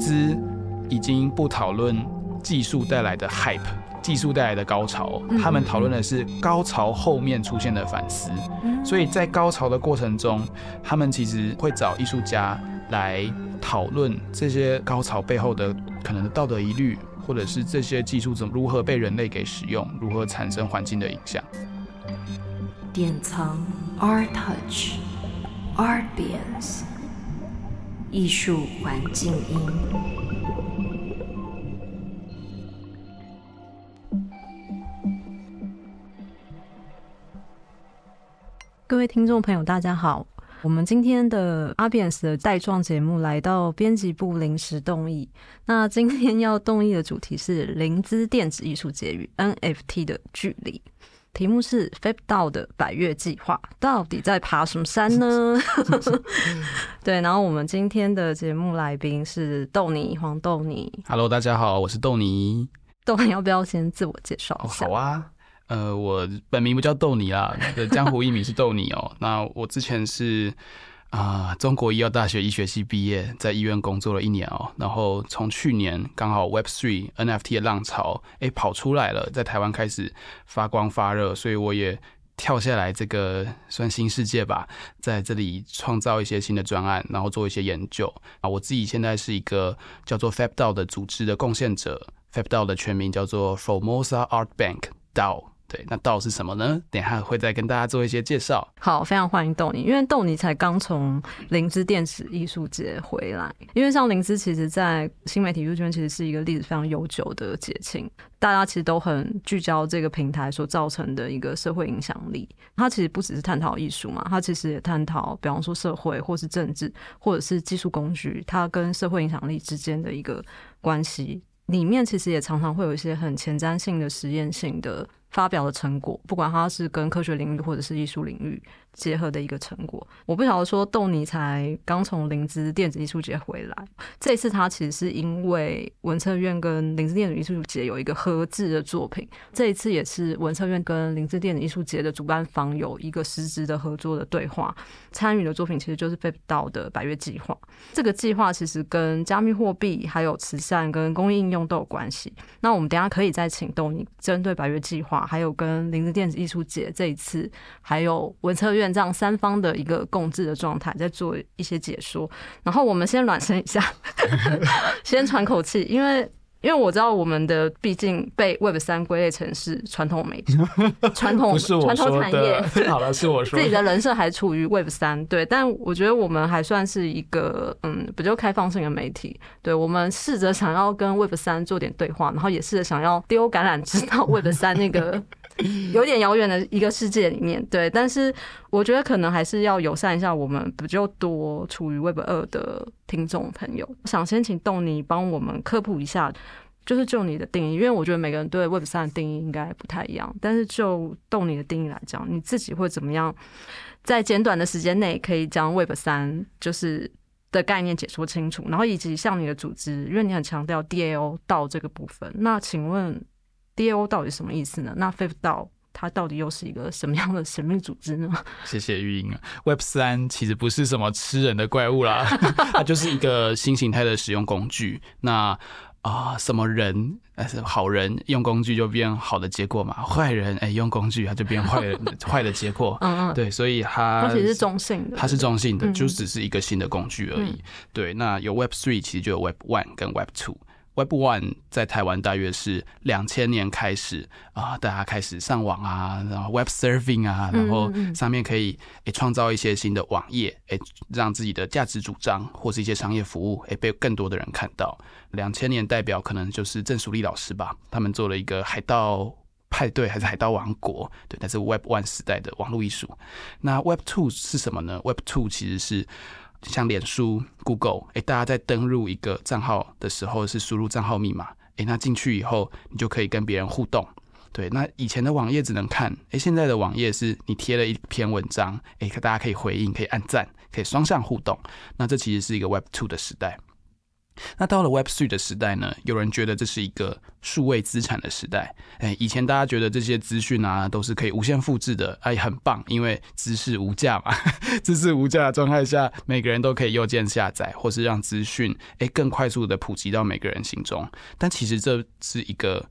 之已經不討論技術帶來的 hype，技術帶來的高潮，嗯、他們討論的是高潮後面出現的反思。嗯、所以在高潮的過程中，他們其實會找藝術家來討論這些高潮背後的可能的道德疑慮，或者是這些技術怎如何被人類給使用，如何產生環境的影響。典藏 art touch artience 藝術環境音。各位聽眾朋友，大家好，我們今天的 ARTbience 的帶狀節目來到編輯部臨時動議。那今天要動議的主題是“林茲電子藝術節與 NFT 的距離”。題目是 FAB DAO 的百岳計畫，到底在爬什麼山呢？ 對，然後我們今天的節目來賓是豆泥黃豆泥。Hello，大家好，我是豆泥。豆泥要不要先自我介紹一下？Oh, 好啊，呃，我本名不叫豆泥啦，那個、江湖異名是豆泥哦。 那我之前是。啊，uh, 中國醫藥大學醫學系畢業，在醫院工作了一年哦，然後從去年剛好 Web3 NFT 的浪潮，哎，跑出來了，在台灣開始發光發熱，所以我也跳下來，這個算新世界吧，在這裡創造一些新的專案，然後做一些研究啊。我自己現在是一個叫做 FAB DAO 的組織的貢獻者，FAB DAO 的全名叫做 Formosa Art Bank DAO。對，那到底是什麼呢？等一下會再跟大家做一些介紹。好，非常歡迎豆泥，因為豆泥才剛從林茲電子藝術節回來。因為像林茲，其實，在新媒體藝術圈，其實是一個歷史非常悠久的節慶。大家其實都很聚焦這個平台所造成的一個社會影響力。它其實不只是探討藝術嘛，它其實也探討，比方說社會或是政治，或者是技術工具，它跟社會影響力之間的一個關係。裡面其實也常常會有一些很前瞻性的實驗性的。發表的成果，不管它是跟科學領域或者是藝術領域，結合的一個成果。我不曉得說，豆泥才剛從林茲電子藝術節回來，這一次他其實是因為文策院跟林茲電子藝術節有一個合製的作品。這一次也是文策院跟林茲電子藝術節的主辦方有一個實質的合作的對話。參與的作品其實就是 FAB DAO 的百岳計劃。這個計劃其實跟加密貨幣、還有慈善跟公益應用都有關係。那我們等下可以再請豆泥針對百岳計劃，還有跟林茲電子藝術節這一次，還有文策院。院這樣三方的一個共治的狀態，在做一些解說。然後我們先暖身一下， 先喘口氣，因為因為我知道我們的畢竟被 Web 三歸類成是傳統媒體，傳 統，不是我說的。傳統產業。 的。好了，是我說自己的人設還處於 Web 三，對，但我覺得我們還算是一個嗯，比較開放性的媒體。對我們試着想要跟 Web 三做點對話，然後也試著想要丟橄欖枝到 Web 三那個。 有點遙遠的一個世界裡面，對，但是我覺得可能還是要友善一下我們比較多處於 Web 二的聽眾朋友。想先請豆泥幫我們科普一下，就是就你的定義，因為我覺得每個人對 Web 三的定義應該不太一樣，但是就豆泥的定義來講，你自己會怎麼樣在簡短的時間內可以將 Web 三就是的概念解說清楚，然後以及像你的組織，因為你很強調 DAO 到這個部分，那請問？DAO 到底什麼意思呢？那 FAB DAO 它到底又是一個什麼樣的神秘組織呢？謝謝玉音啊，Web 三其實不是什麼吃人的怪物啦， 它就是一個新形態的使用工具。那啊、呃，什麼人？哎、呃，好人用工具就變好的結果嘛，壞人哎、欸、用工具他就變壞，壞 的結果。 嗯嗯，對，所以它而且是中性的，它是中性的，嗯嗯就只是一個新的工具而已。嗯嗯對，那有 Web three 其實就有 Web one 跟 Web two。1 Web One 在台灣大約是兩千年開始啊、哦，大家開始上網啊，然後 Web Serving 啊，然後上面可以誒創、嗯嗯嗯欸、造一些新的網頁，誒、欸、讓自己的價值主張或是一些商業服務誒、欸、被更多的人看到。兩千年代表可能就是鄭淑麗老師吧，他們做了一個海盜派對還是海盜王國？對，那是 Web One 時代的網絡藝術。那 Web Two 是什麼呢？Web Two 其實是。就像臉書、Google，哎、欸，大家在登錄一個賬號的時候是輸入賬號密碼，哎、欸，那進去以後你就可以跟別人互動，對，那以前的網頁只能看，哎、欸，現在的網頁是你貼了一篇文章，哎、欸，可大家可以回應，可以按讚，可以雙向互動，那這其實是一個 Web Two 的時代。那到了 Web 3的時代呢？有人覺得這是一個數位資產的時代。哎、欸，以前大家覺得這些資訊啊都是可以無限複製的，哎、欸，很棒，因為知識無價嘛。知識無價的狀態下，每個人都可以右鍵下載，或是讓資訊哎更快速的普及到每個人心中。但其實這是一個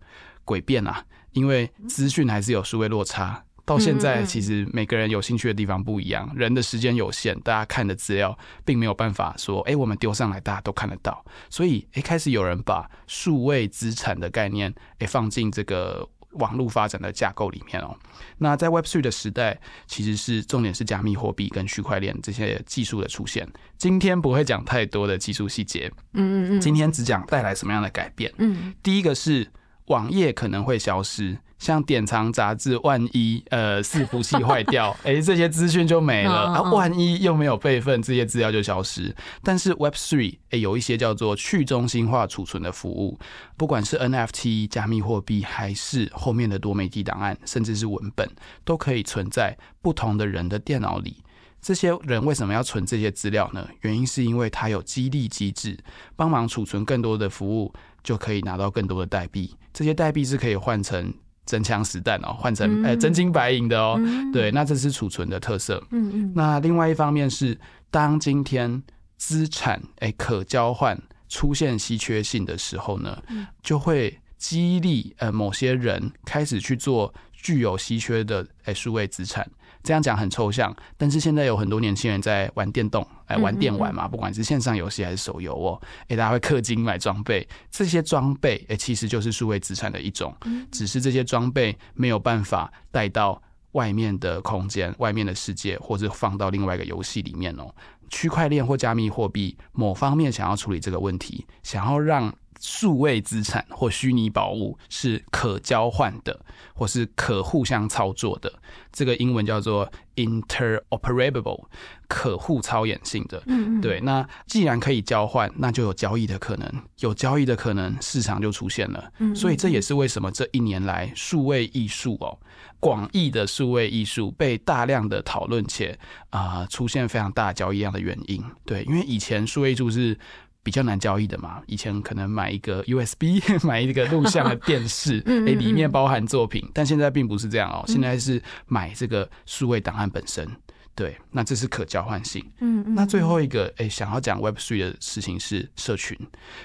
詭辯啊，因為資訊還是有數位落差。到現在，其實每個人有興趣的地方不一樣，人的時間有限，大家看的資料並沒有辦法說，哎，我們丟上來大家都看得到。所以，一開始有人把數位資產的概念，哎，放進這個網絡發展的架構裡面哦、喔。那在 Web Three 的時代，其實是重點是加密貨幣跟區塊鏈這些技術的出現。今天不會講太多的技術細節，嗯嗯嗯，今天只講帶來什麼樣的改變。嗯，第一個是。網頁可能會消失，像典藏雜誌，萬一呃伺服器壞掉，哎、 欸，這些資訊就沒了啊。萬一又沒有備份，這些資料就消失。但是 Web Three、欸、有一些叫做去中心化儲存的服務，不管是 NFT 加密貨幣，還是後面的多媒體檔案，甚至是文本，都可以存在不同的人的電腦裡。這些人為什麼要存這些資料呢？原因是因為它有激勵機制，幫忙儲存更多的服務。就可以拿到更多的代幣，這些代幣是可以換成真槍實彈哦、喔，換成呃、欸、真金白銀的哦、喔。嗯、對，那這是儲存的特色。嗯嗯。嗯，那另外一方面是，當今天資產誒、欸、可交換出現稀缺性的時候呢，就會激勵呃某些人開始去做具有稀缺的哎、欸、數位資產。這樣講很抽象，但是現在有很多年輕人在玩電動，哎、欸，玩電玩嘛，嗯、不管是線上遊戲還是手遊哦、喔，哎、欸，大家會氪金買裝備，這些裝備哎、欸，其實就是數位資產的一種，只是這些裝備沒有辦法帶到外面的空間、外面的世界，或者或是放到另外一個遊戲裡面哦、喔。區塊鏈或加密貨幣某方面想要處理這個問題，想要讓。數位資產或虛擬寶物是可交換的，或是可互相操作的。這個英文叫做 interoperable，可互操演性的。嗯，對。那既然可以交換，那就有交易的可能，有交易的可能，市場就出現了。嗯，所以這也是為什麼這一年來數位藝術哦，廣義的數位藝術被大量的討論且啊、呃、出現非常大交易量的原因。對，因為以前數位藝術是。比較難交易的嘛，以前可能買一個 USB，買一個錄像的電視， 哎，裡面包含作品，但現在並不是這樣哦，現在是買這個數位檔案本身，對，那這是可交換性。嗯 那最後一個，哎，想要講 Web Three 的事情是社群，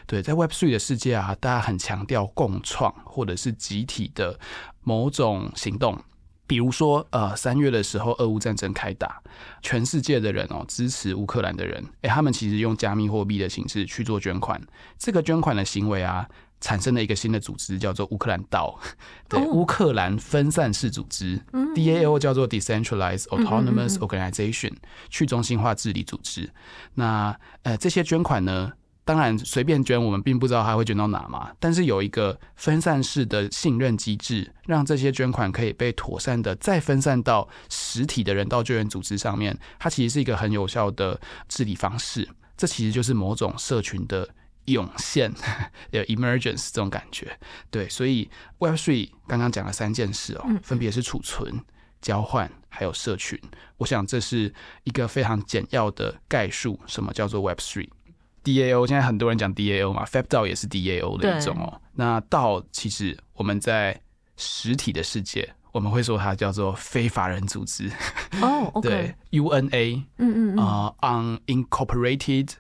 對，在 Web Three 的世界啊，大家很強調共創或者是集體的某種行動。比如說，呃，三月的時候，俄烏戰爭開打，全世界的人哦，支持烏克蘭的人，哎，他們其實用加密貨幣的形式去做捐款，這個捐款的行為啊，產生了一個新的組織，叫做烏克蘭 DAO。對，oh. 烏克蘭分散式組織，DAO 叫做 Decentralized Autonomous Organization，、mm hmm. 去中心化治理組織。那呃，這些捐款呢？當然，隨便捐，我們並不知道它會捐到哪嘛。但是有一個分散式的信任機制，讓這些捐款可以被妥善的再分散到實體的人道救援組織上面。它其實是一個很有效的治理方式。這其實就是某種社群的湧現，有 emergence 這種感覺。對，所以 Web3 剛剛講了三件事哦，分別是儲存、交換還有社群。我想這是一個非常簡要的概述，什麼叫做 Web3。DAO 現在很多人講 DAO 嘛 FAB DAO 也是 DAO 的一種哦。對那 DAO 其實我們在實體的世界，我們會說它叫做非法人組織哦。Oh, okay. 對，UNA，嗯嗯啊、mm hmm. uh,，unincorporated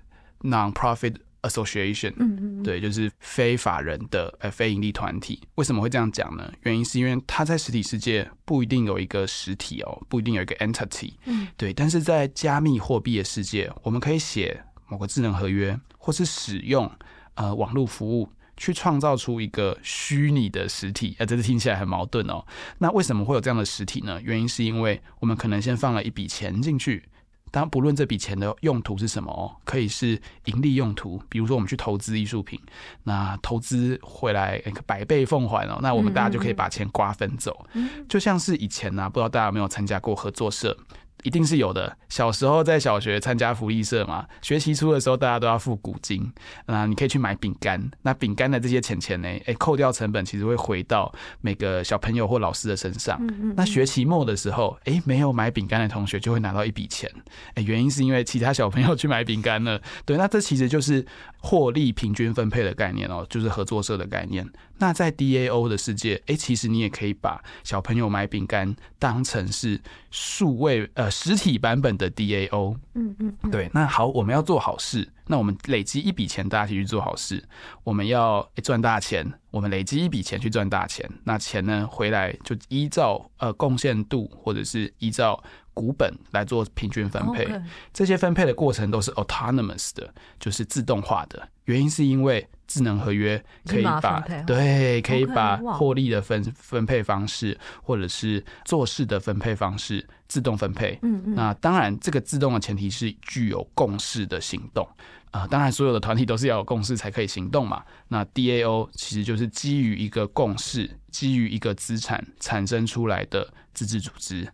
non-profit association，嗯嗯、mm，hmm. 對，就是非法人的呃非盈利團體。為什麼會這樣講呢？原因是因為它在實體世界不一定有一個實體哦，不一定有一個 entity、mm。嗯、hmm.，對，但是在加密貨幣的世界，我們可以寫。某個智能合約，或是使用呃網絡服務去創造出一個虛擬的實體，哎、呃，真的聽起來很矛盾哦。那為什麼會有這樣的實體呢？原因是因為我們可能先放了一筆錢進去，當然不論這筆錢的用途是什麼哦，可以是盈利用途，比如說我們去投資藝術品，那投資回來、欸、百倍奉還哦。那我們大家就可以把錢瓜分走。嗯、就像是以前呢、啊，不知道大家有沒有參加過合作社。一定是有的。小時候在小學參加福利社嘛，學期初的時候大家都要付股金，那你可以去買餅乾。那餅乾的這些錢錢呢？誒，扣掉成本，其實會回到每個小朋友或老師的身上。那學期末的時候，誒，沒有買餅乾的同學就會拿到一筆錢。誒，原因是因為其他小朋友去買餅乾了。對，那這其實就是獲利平均分配的概念哦，就是合作社的概念。那在 DAO 的世界，哎、欸，其實你也可以把小朋友買餅乾當成是數位呃實體版本的 DAO。嗯，嗯嗯，對。那好，我們要做好事，那我們累積一筆錢，大家一起去做好事。我們要、欸、賺大錢，我們累積一筆錢去賺大錢。那錢呢，回來就依照呃貢獻度，或者是依照。股本來做平均分配，Okay. 這些分配的過程都是 autonomous 的，就是自動化的。原因是因為智能合約可以把 Okay. 對，可以把獲利的分分配方式，Okay. Wow. 或者是做事的分配方式自動分配。嗯嗯。那當然，這個自動的前提是具有共識的行動。啊、呃，當然，所有的團體都是要有共識才可以行動嘛。那 DAO 其實就是基於一個共識，基於一個資產產產生出來的自治組織。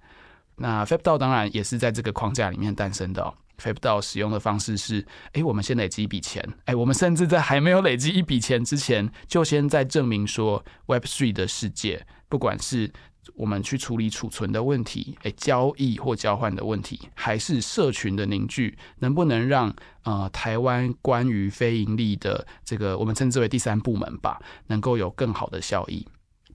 那 FAB DAO 當然也是在這個框架裡面誕生的。哦。FAB DAO 使用的方式是，誒，我們先累積一筆錢，誒，我們甚至在還沒有累積一筆錢之前，就先在證明說 Web3 的世界，不管是我們去處理儲存的問題，誒，交易或交換的問題，還是社群的凝聚，能不能讓呃台灣關於非營利的這個我們稱之為第三部門吧，能夠有更好的效益。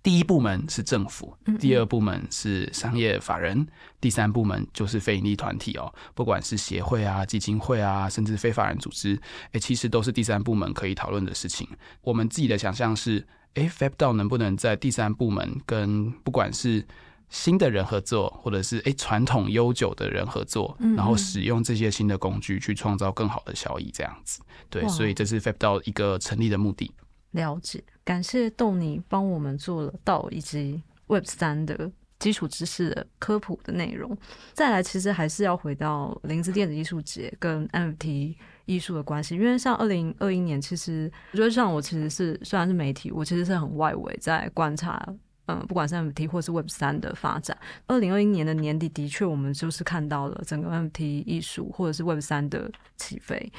第一部門是政府，第二部門是商業法人，第三部門就是非盈利團體哦，不管是協會啊、基金會啊，甚至非法人組織，誒、欸，其實都是第三部門可以討論的事情。我們自己的想象是，誒 f a b d a o 能不能在第三部門跟不管是新的人合作，或者是誒，傳、欸、統悠久的人合作，嗯嗯然後使用這些新的工具去創造更好的效益，這樣子。對，哇所以這是 FabDao 一個成立的目的。了解，感謝豆泥幫我們做了 DAO 以及 Web 三的基礎知識的科普的內容。再來，其實還是要回到林茲電子藝術節跟 NFT 藝術的關係，因為像二零二一年，其實我覺得像我其實是雖然是媒體，我其實是很外圍在觀察，嗯，不管是 NFT 或是 Web 三的發展。二零二一年的年底，的確我們就是看到了整個 NFT 藝術或者是 Web 三的起飛。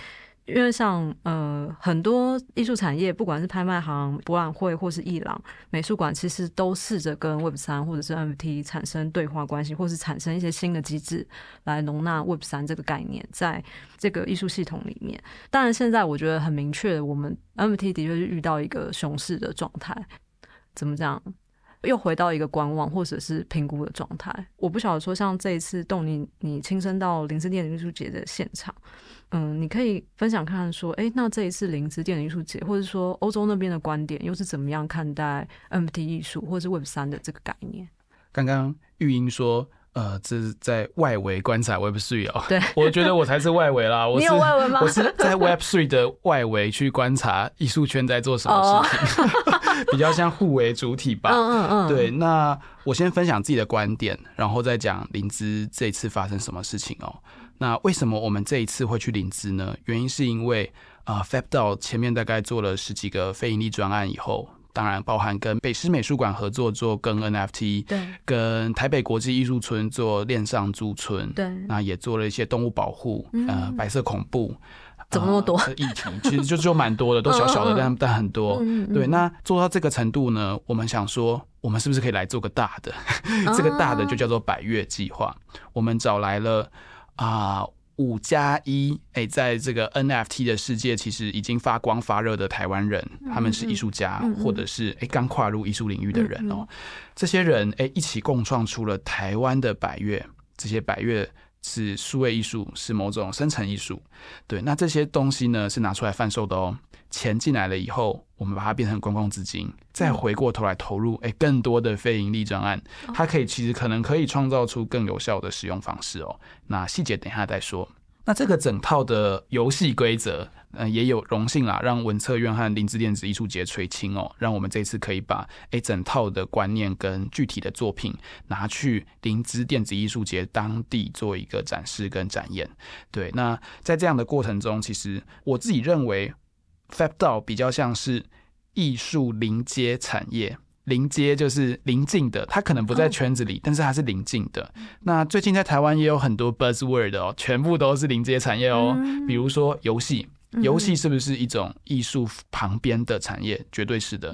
因為像呃很多藝術產業，不管是拍賣行、博覽會，或是藝廊、美術館，其實都試着跟 Web 三或者是 NFT 產生對話關係，或是產生一些新的機制，來容納 Web 三這個概念在這個藝術系統裡面。當然，現在我覺得很明確，我們 NFT 的確是遇到一個熊市的狀態。怎麼講？又回到一個觀望或者是評估的狀態。我不曉得說，像這一次豆泥你親身到林茲電子藝術節的現場，嗯，你可以分享看說，哎、欸，那這一次林茲電子藝術節，或者說歐洲那邊的觀點，又是怎麼樣看待 NFT 藝術或是 Web 三的這個概念？剛剛玉音說，呃，這是在外圍觀察 Web 3、喔。哦。對，我覺得我才是外圍啦。我是外圍嗎？我是，我是在 Web 3的外圍去觀察藝術圈在做什麼事情。Oh. 比較像互為主體吧，嗯嗯對。那我先分享自己的觀點，然後再講林茲這次發生什麼事情哦。那為什麼我們這一次會去林茲呢？原因是因為啊、呃、FAB DAO 前面大概做了十幾個非盈利專案以後，當然包含跟北師美術館合作做跟 NFT，對，跟台北國際藝術村做鏈上駐村，對，那也做了一些動物保護，呃，嗯、白色恐怖。呃、怎麼那麼多？疫情其實就就蠻多的，都小小的，但 但很多。對，那做到這個程度呢，我們想說，我們是不是可以來做個大的？ 這個大的就叫做百岳計劃。我們找來了啊，五加一，哎、欸，在這個 NFT 的世界，其實已經發光發熱的台灣人，嗯嗯他們是藝術家，嗯嗯或者是哎剛、欸、跨入藝術領域的人哦。嗯嗯這些人哎、欸，一起共創出了台灣的百岳。這些百岳。是數位藝術，是某種生成藝術，對。那這些東西呢，是拿出來販售的哦。錢進來了以後，我們把它變成公共資金，再回過頭來投入，哎、欸，更多的非營利專案，它可以其實可能可以創造出更有效的使用方式哦。那細節等一下再說。那這個整套的遊戲規則，嗯、呃，也有榮幸啦，讓文策院和林茲電子藝術節垂青哦、喔，讓我們這次可以把誒整套的觀念跟具體的作品拿去林茲電子藝術節當地做一個展示跟展演。對，那在這樣的過程中，其實我自己認為，FAB DAO 比較像是藝術臨街產業。鄰接就是鄰近的，它可能不在圈子裡，oh. 但是它是鄰近的。那最近在台灣也有很多 buzz word 哦，全部都是鄰接產業哦，比如說遊戲，遊戲是不是一種藝術旁邊的產業？絕對是的。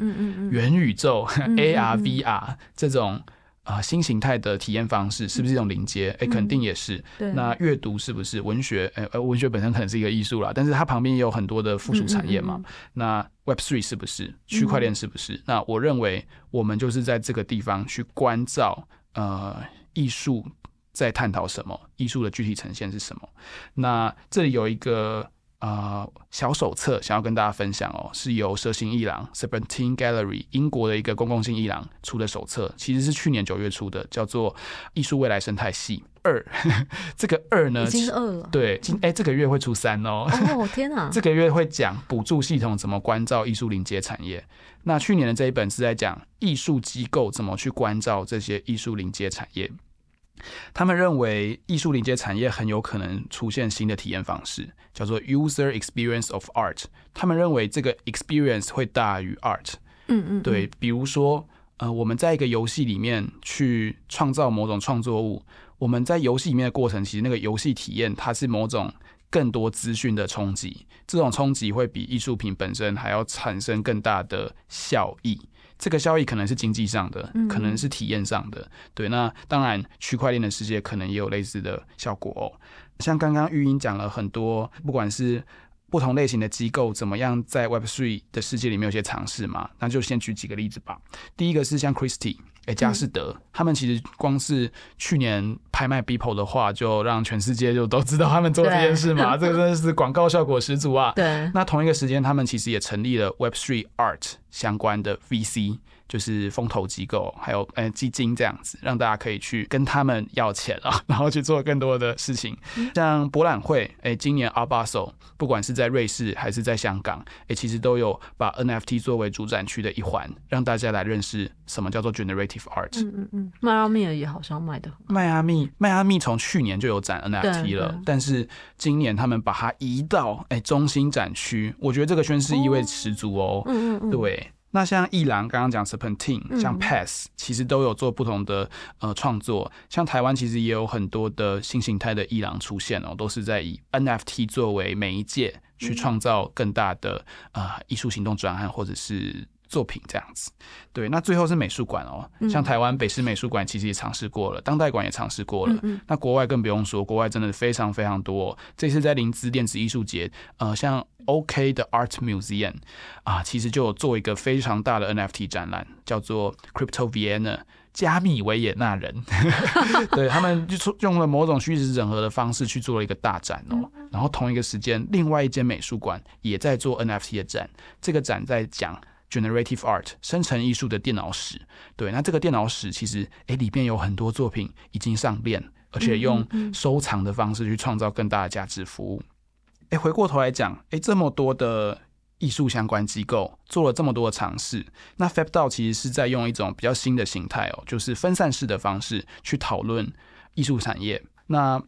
元宇宙、mm hmm. AR、VR 這種。啊，新形態的體驗方式是不是一種連接？哎、嗯，肯定也是。嗯、對。那閱讀是不是文學？哎，文學本身可能是一個藝術啦，但是它旁邊也有很多的附屬產業嘛。嗯嗯嗯、那 Web Three 是不是？區塊鏈是不是？是不是嗯，那我認為我們就是在這個地方去關照呃藝術在探討什麼，藝術的具體呈現是什麼。那這裡有一個。啊，uh，小手冊想要跟大家分享哦，是由蛇形藝廊 Serpentine Gallery，英國的一個公共性藝廊出的手冊，其實是去年九月出的，叫做《藝術未來生態系二》。 這個二呢，已經是二了，對，今哎、欸、這個月會出三哦。 哦天啊，這個月會講補助系統怎麼關照藝術鄰接產業。那去年的這一本是在講藝術機構怎麼去關照這些藝術鄰接產業。他們認為藝術連接產業很有可能出現新的體驗方式，叫做 User Experience of Art。他們認為這個 Experience 會大於 Art。嗯，嗯嗯，對，比如說，呃，我們在一個遊戲裡面去創造某種創作物，我們在遊戲裡面的過程，其實那個遊戲體驗它是某種更多資訊的衝擊，這種衝擊會比藝術品本身還要產生更大的效益。這個效益可能是經濟上的，可能是體驗上的，嗯、對。那當然，區塊鏈的世界可能也有類似的效果。哦，像剛剛玉音講了很多，不管是不同類型的機構怎麼樣在 Web3 的世界裡面有些嘗試嘛，那就先舉幾個例子吧。第一個是像 Christie 哎，佳、欸、士得，嗯、他們其實光是去年拍賣 Beeple 的話，就讓全世界就都知道他們做這件事嘛，對這個真的是廣告效果十足啊！對，那同一個時間，他們其實也成立了 Web Three Art 相關的 VC。就是風投機構，還有基金這樣子，讓大家可以去跟他們要錢啊，然後去做更多的事情。像博覽會，誒，今年 Art Basel 不管是在瑞士還是在香港，誒，其實都有把 NFT 作為主展區的一環，讓大家來認識什麼叫做 Generative Art。嗯嗯嗯，邁阿密也好像賣的。邁阿密，邁阿密從去年就有展 NFT 了，嗯、但是今年他們把它移到誒中心展區，我覺得這個宣示意味十足哦。嗯嗯嗯，嗯嗯對。那像藝廊剛剛講 Serpentine、像 Pace，其實都有做不同的呃創作。像台灣其實也有很多的新形態的藝廊出現哦，都是在以 NFT 作為媒介去創造更大的啊藝術行動轉換，或者是。作品這樣子，對，那最後是美術館哦，像台灣北師美術館其實也嘗試過了，當代館也嘗試過了，那國外更不用說，國外真的非常非常多，喔。這次在林茲電子藝術節，呃，像 OK 的 Art Museum 啊、呃，其實就有做一個非常大的 NFT 展覽，叫做 Crypto Vienna 加密維也納人， 對，他們就用了某種虛實整合的方式去做了一個大展哦，喔。然後同一個時間，另外一間美術館也在做 NFT 的展，這個展在講。Generative Art，生成藝術的電腦史。對，那這個電腦史其實，哎，裡面有很多作品已經上鏈，而且用收藏的方式去創造更大的價值服務。誒，回過頭來講，哎，這麼多的藝術相關機構做了這麼多的嘗試，那 FAB DAO 其實是在用一種比較新的形態哦，就是分散式的方式去討論藝術產業。那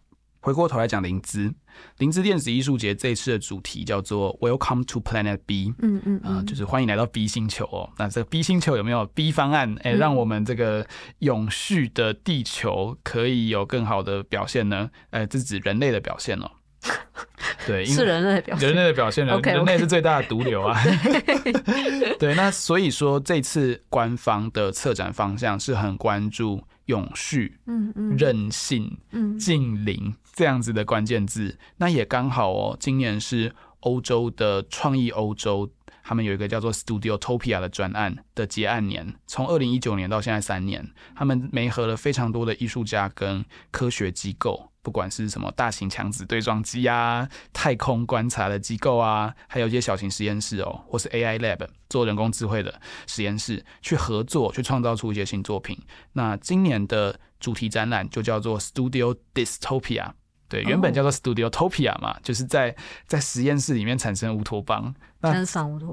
回過頭來講，林茲林茲電子藝術節這一次的主題叫做 Welcome to Planet B，嗯嗯啊、嗯呃，就是歡迎來到 B 星球哦。那這個 B 星球有沒有 B 方案？哎、欸，讓我們這個永續的地球可以有更好的表現呢？哎、欸，這是指人類的表現哦。 對，因為人類的表現 是人類的表現，人類的表現 okay, okay. 人類是最大的毒瘤啊。 對, 對，那所以說這次官方的策展方向是很關注。永續、嗯嗯、韌性、嗯、淨零這樣子的關鍵字，那也剛好哦。今年是歐洲的創意歐洲，他們有一個叫做 Studio Topia 的專案的結案年，從二零一九年到現在三年，他們媒合了非常多的藝術家跟科學機構。不管是什麼大型強子對撞機啊、太空觀察的機構啊，還有一些小型實驗室哦，或是 AI lab 做人工智慧的實驗室，去合作，去創造出一些新作品。那今年的主題展覽就叫做 Studio Dystopia。對，原本叫做 Studio Topia 嘛，oh. 就是在在實驗室裡面產生烏托邦。那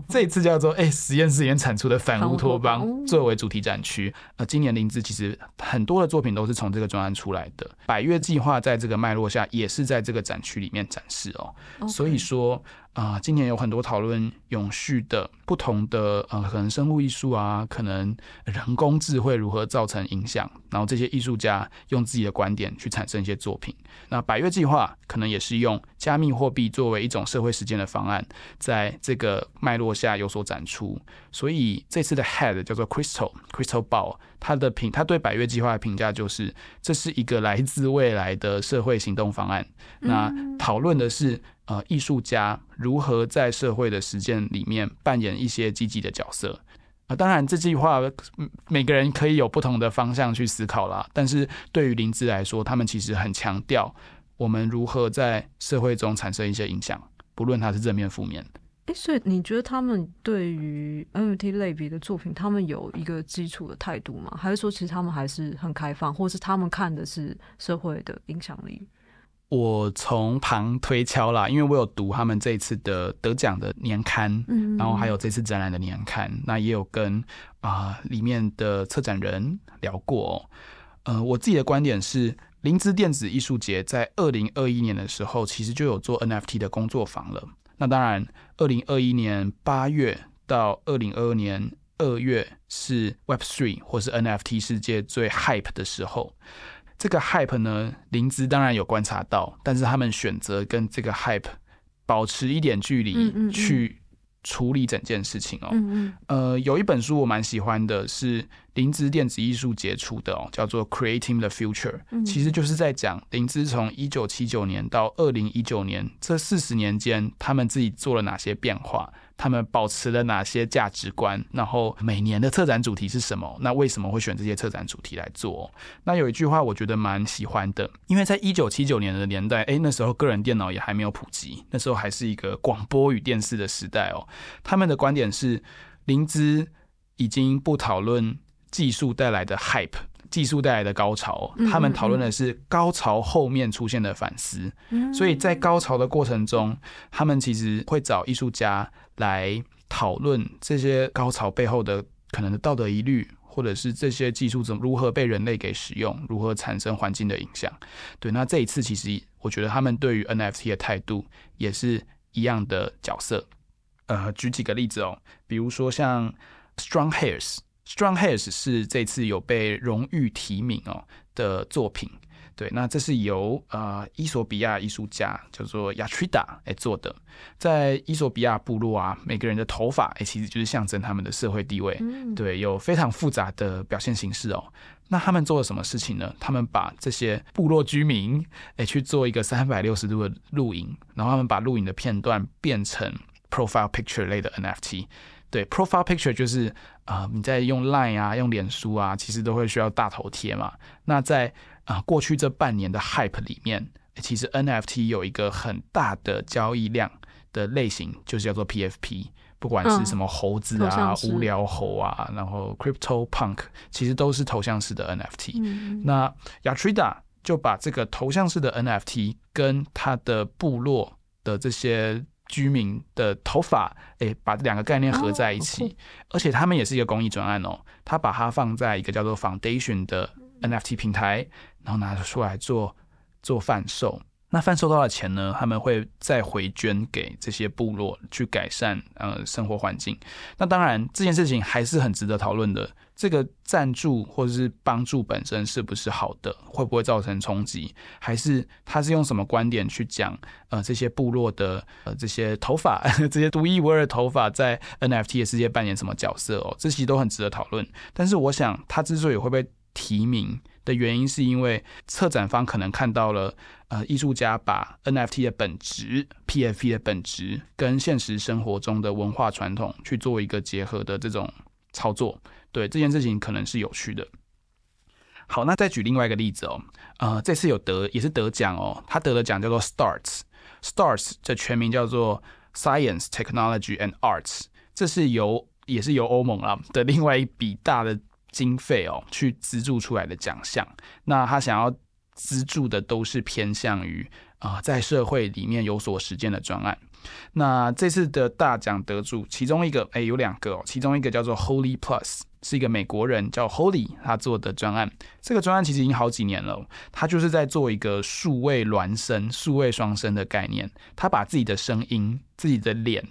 這一次叫做哎、欸，實驗室裡面產出的反烏托邦作為主題展區。Oh. 今年林茲其實很多的作品都是從這個專案出來的。百岳計畫在這個脈絡下，也是在這個展區裡面展示哦。Okay. 所以說。啊、呃，今年有很多討論永續的不同的，呃，可能生物藝術啊，可能人工智慧如何造成影響，然後這些藝術家用自己的觀點去產生一些作品。那百岳計畫可能也是用。加密貨幣作為一種社會實踐的方案，在這個脈絡下有所展出。所以這次的 Head 叫做 Crystal，Crystal Ball，他的評，他對百岳計劃的評價就是這是一個來自未來的社會行動方案。那討論的是呃藝術家如何在社會的實踐裡面扮演一些積極的角色啊、呃。當然這，這計劃每個人可以有不同的方向去思考啦。但是對於林茲來說，他們其實很強調。我們如何在社會中產生一些影響，不論它是正面、負面？哎、欸，所以你覺得他們對於 NFT 類別的作品，他們有一個基礎的態度嗎？還是說，其實他們還是很開放，或是他們看的是社會的影響力？我從旁推敲啦，因為我有讀他們這一次的得獎的年刊，嗯嗯然後還有這次展覽的年刊，那也有跟啊、呃、裡面的策展人聊過、喔。呃，我自己的觀點是。林茲電子藝術節在二零二一年的時候，其實就有做 NFT 的工作坊了。那當然，二零二一年八月到二零二二年二月是 Web Three 或是 NFT 世界最 hype 的時候。這個 hype 呢，林茲當然有觀察到，但是他們選擇跟這個 hype 保持一點距離去、嗯。嗯嗯處理整件事情哦，嗯嗯呃，有一本書我蠻喜歡的，是林茲電子藝術節出的哦，叫做《Creating the Future》，嗯嗯，其實就是在講林茲從一九七九年到二零一九年這四十年間，他們自己做了哪些變化。他們保持了哪些價值觀？然後每年的策展主題是什麼？那為什麼會選這些策展主題來做？那有一句話，我覺得蠻喜歡的，因為在一九七九年的年代，誒、欸，那時候個人電腦也還沒有普及，那時候還是一個廣播與電視的時代哦、喔。他們的觀點是，林茲已經不討論技術帶來的 hype，技術帶來的高潮，他們討論的是高潮後面出現的反思。所以在高潮的過程中，他們其實會找藝術家。來討論這些高潮背後的可能的道德疑慮，或者是這些技術怎麼如何被人類給使用，如何產生環境的影響。對，那這一次其實我覺得他們對於 NFT 的態度也是一樣的角色。呃，舉幾個例子哦，比如說像 Strong Hairs, Strong Hairs，Strong Hairs 是這次有被榮譽提名哦的作品。對，那這是由呃，伊索比亞藝術家叫做雅屈達來做的。在伊索比亞部落啊，每個人的頭髮、欸、其實就是象徵他們的社會地位。嗯、對，有非常複雜的表現形式哦、喔。那他們做了什麼事情呢？他們把這些部落居民、欸、去做一個三百六十度的錄影，然後他們把錄影的片段變成 profile picture 類的 NFT。對，profile picture 就是啊、呃，你在用 Line 啊，用臉書啊，其實都會需要大頭貼嘛。那在啊，過去這半年的 Hype 裡面，欸、其實 NFT 有一個很大的交易量的類型，就是叫做 PFP，不管是什麼猴子啊、嗯、無聊猴啊，然後 Crypto Punk，其實都是頭像式的 NFT。嗯、那 Yatrida 就把這個頭像式的 NFT 跟他的部落的這些居民的頭髮，哎，把這兩個概念合在一起，哦、而且他們也是一個公益專案哦，他把它放在一個叫做 Foundation 的 NFT 平台。然後拿出來做做販售，那販售多少錢呢？他們會再回捐給這些部落去改善呃生活環境。那當然這件事情還是很值得討論的。這個贊助或者是幫助本身是不是好的？會不會造成衝擊？還是他是用什麼觀點去講？呃，這些部落的呃這些頭髮， 這些獨一無二的頭髮在 NFT 的世界扮演什麼角色？哦，這些都很值得討論。但是我想他之所以會被提名，的原因是因為策展方可能看到了，呃，藝術家把 NFT 的本質、PFP 的本質跟現實生活中的文化傳統去做一個結合的這種操作，對，這件事情可能是有趣的。好，那再舉另外一個例子哦，呃，這次有得也是得獎哦，他得了獎叫做 Starts，Starts 的 ST 全名叫做 Science, Technology and Arts，這是由也是由歐盟啦的另外一筆大的經費哦，去資助出來的獎項，那他想要資助的都是偏向於啊、呃，在社會裡面有所實踐的專案。那這次的大獎得主，其中一個哎、欸，有兩個，哦，其中一個叫做 Holy Plus，是一個美國人叫 Holy，他做的專案。這個專案其實已經好幾年了，他就是在做一個數位孿生、數位雙生的概念，他把自己的聲音、自己的臉，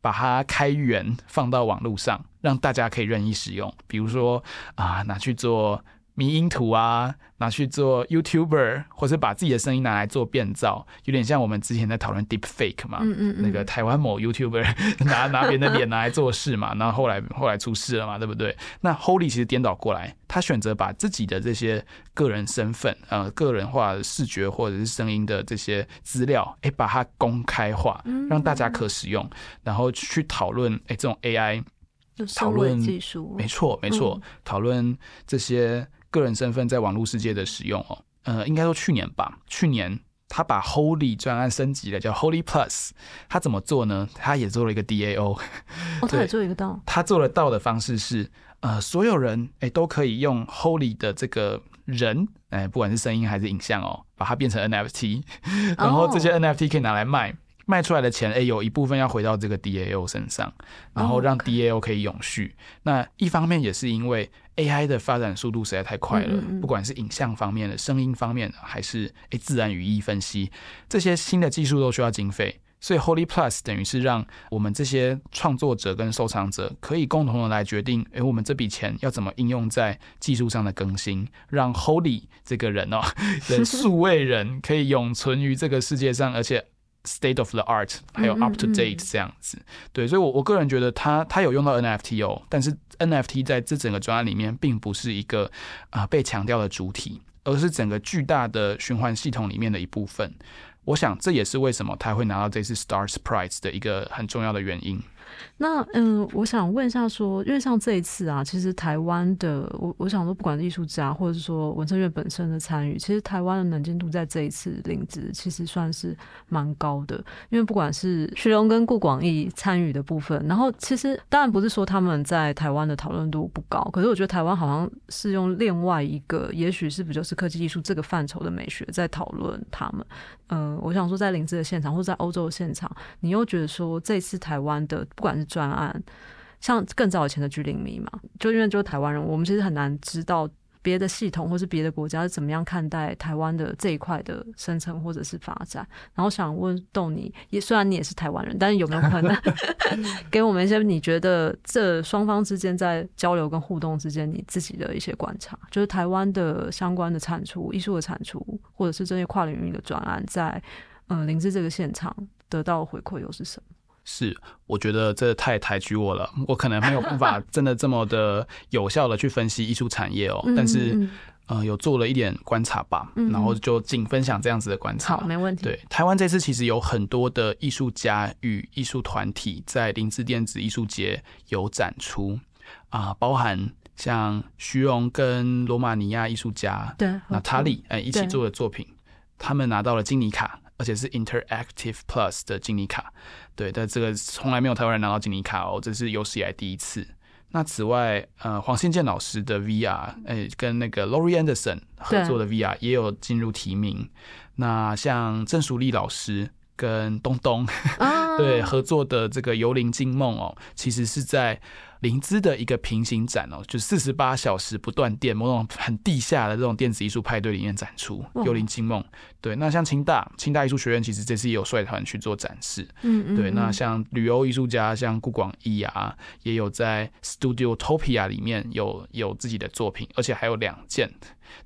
把它開源放到網絡上。讓大家可以任意使用，比如說啊，拿去做迷因圖啊，拿去做 YouTuber，或者把自己的聲音拿來做變造，有點像我們之前在討論 Deep Fake 嘛。嗯嗯嗯。那個台灣某 YouTuber 拿拿別人的臉拿來做事嘛， 然後後來後來出事了嘛，對不對？那 Holy 其實顛倒過來，他選擇把自己的這些個人身份、呃個人化的視覺或者是聲音的這些資料、欸，把它公開化，讓大家可使用，嗯嗯嗯，然後去討論哎、欸、這種 AI。就是討論技術，沒錯沒錯，討論這些個人身份在網絡世界的使用哦。呃，應該說去年吧，去年他把 Holy 專案升級了，叫 Holy Plus。他怎麼做呢？他也做了一個 DAO。哦，他也做一個 DAO。 他做的 DAO 的方式是，呃，所有人哎都可以用 Holy 的這個人哎，不管是聲音還是影像哦，把它變成 NFT，然後這些 NFT 可以拿來賣。賣出來的錢，哎，有一部分要回到這個 DAO 身上，然後讓 DAO 可以永續。那一方面也是因為 AI 的發展速度實在太快了，不管是影像方面的、聲音方面的，還是自然語義分析，這些新的技術都需要經費。所以 Holy Plus 等於是讓我們這些創作者跟收藏者可以共同的來決定，哎，我們這筆錢要怎麼應用在技術上的更新，讓 Holy 這個人哦，的數位人可以永存於這個世界上，而且。State of the art，還有 up to date 這樣子，嗯嗯嗯，對，所以我，我我個人覺得他他有用到 NFT，哦，但是 NFT 在這整個專案裡面並不是一個啊、呃、被強調的主體，而是整個巨大的循環系統裡面的一部分。我想這也是為什麼他會拿到這次 STARTS Prize 的一個很重要的原因。那嗯，我想問一下說，說因為像這一次啊，其實台灣的我，我想說，不管是藝術家或者是說文策院本身的參與，其實台灣的能見度在這一次林茲其實算是蠻高的。因為不管是徐龍跟顧廣義參與的部分，然後其實當然不是說他們在台灣的討論度不高，可是我覺得台灣好像是用另外一個，也許是不就是科技藝術這個範疇的美學在討論他們。嗯，我想說，在林茲的現場或者在歐洲的現場，你又覺得說這次台灣的不管是專案，像更早以前的居民迷嘛，就因為就是台灣人，我們其實很難知道別的系統或是別的國家是怎麼樣看待台灣的這一塊的生成或者是發展。然後想問豆泥，也雖然你也是台灣人，但是有沒有可能 給我們一些你覺得這雙方之間在交流跟互動之間你自己的一些觀察？就是台灣的相關的產出、藝術的產出，或者是這些跨領域的專案在，在呃林茲這個現場得到的回饋又是什麼？是，我覺得這太抬舉我了。我可能沒有辦法真的這麼的有效的去分析藝術產業哦， 嗯嗯嗯，但是，呃，有做了一點觀察吧。嗯嗯，然後就僅分享這樣子的觀察。好，沒問題。對，台灣這次其實有很多的藝術家與藝術團體在林茲電子藝術節有展出啊，呃，包含像徐榮跟羅馬尼亞藝術家娜塔莉哎一起做的作品，他們拿到了金尼卡。而且是 Interactive Plus 的金尼卡，對，但這個從來沒有台灣人拿到金尼卡哦，這是 u c 以 a 第一次。那此外，呃，黃信健老師的 VR、欸、跟那個 Lori Anderson 合作的 VR 也有進入提名。對那像鄭淑麗老師跟東東、oh. 對，合作的這個《幽靈驚夢》哦，其實是在林茲的一個平行展哦、喔，就是四十八小時不斷電，某種很地下的這種電子藝術派對裡面展出《哇幽靈清夢》。對，那像清大，清大藝術學院其實這次也有率團去做展示。嗯，嗯嗯。對，那像旅遊藝術家，像顧廣毅啊，也有在 Studio Topia 裡面有有自己的作品，而且還有兩件。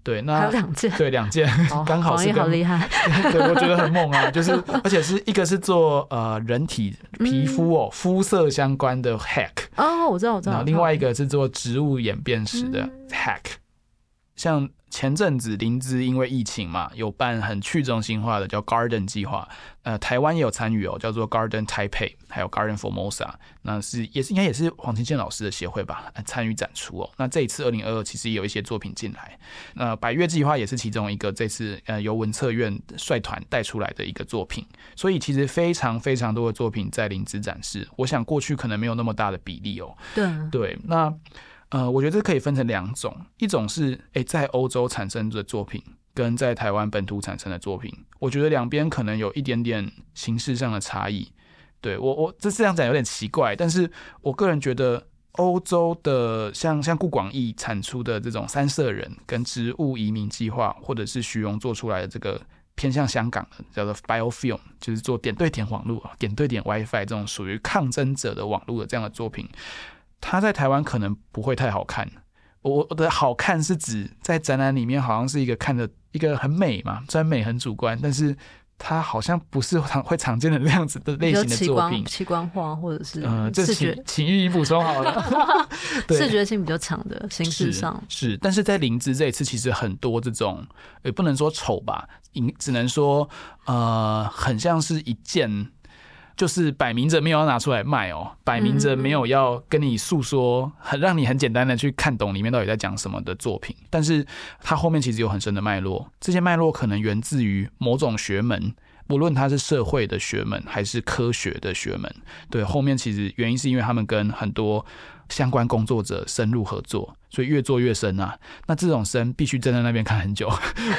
對，那有兩件。對，兩件剛、哦、好是。廣毅好厲害。 對，我覺得很猛啊，就是而且是一個是做呃人體皮膚哦膚色相關的 hack 哦。Oh, 然後，另外一個是做植物演變史的 hack。嗯像前陣子林茲因為疫情嘛，有辦很去中心化的叫 Garden 計劃，呃，台灣也有參與哦，叫做 Garden Taipei，還有 Garden Formosa，那是也是應該也是黃清健老師的協會吧，參與展出哦。那這一次二零二二其實也有一些作品進來，那百岳計畫也是其中一個，這次呃由文策院率團帶出來的一個作品，所以其實非常非常多的作品在林茲展示，我想過去可能沒有那麼大的比例哦。對對，那。呃，我覺得這可以分成兩種，一種是、欸、在歐洲產生的作品，跟在台灣本土產生的作品，我覺得兩邊可能有一點點形式上的差異。對，我，我這這樣講有點奇怪，但是我個人覺得，歐洲的像像顧廣義產出的這種三色人跟植物移民計劃，或者是徐榮做出來的這個偏向香港的叫做 Biofilm，就是做點對點網絡、點對點 WiFi 這種屬於抗爭者的網絡的這樣的作品。他在台灣可能不會太好看，我我的好看是指在展覽裡面好像是一個看着一個很美嘛，雖然美很主觀，但是它好像不是常會常見的那樣子的類型的作品，奇觀化，或者是，呃，這請 請玉音補充好了， 對 視覺性比較強的形式上是，是，但是在林茲這一次其實很多這種也不能說醜吧，只能說呃，很像是一件。就是擺明着，沒有要拿出來賣哦、喔，擺明着沒有要跟你訴說，很讓你很簡單的去看懂裡面到底在講什麼的作品。但是它後面其實有很深的脈絡，這些脈絡可能源自於某種學門，不論它是社會的學門還是科學的學門。對，後面其實原因是因為他們跟很多。相關工作者深入合作，所以越做越深啊。那這種深必須站在那邊看很久，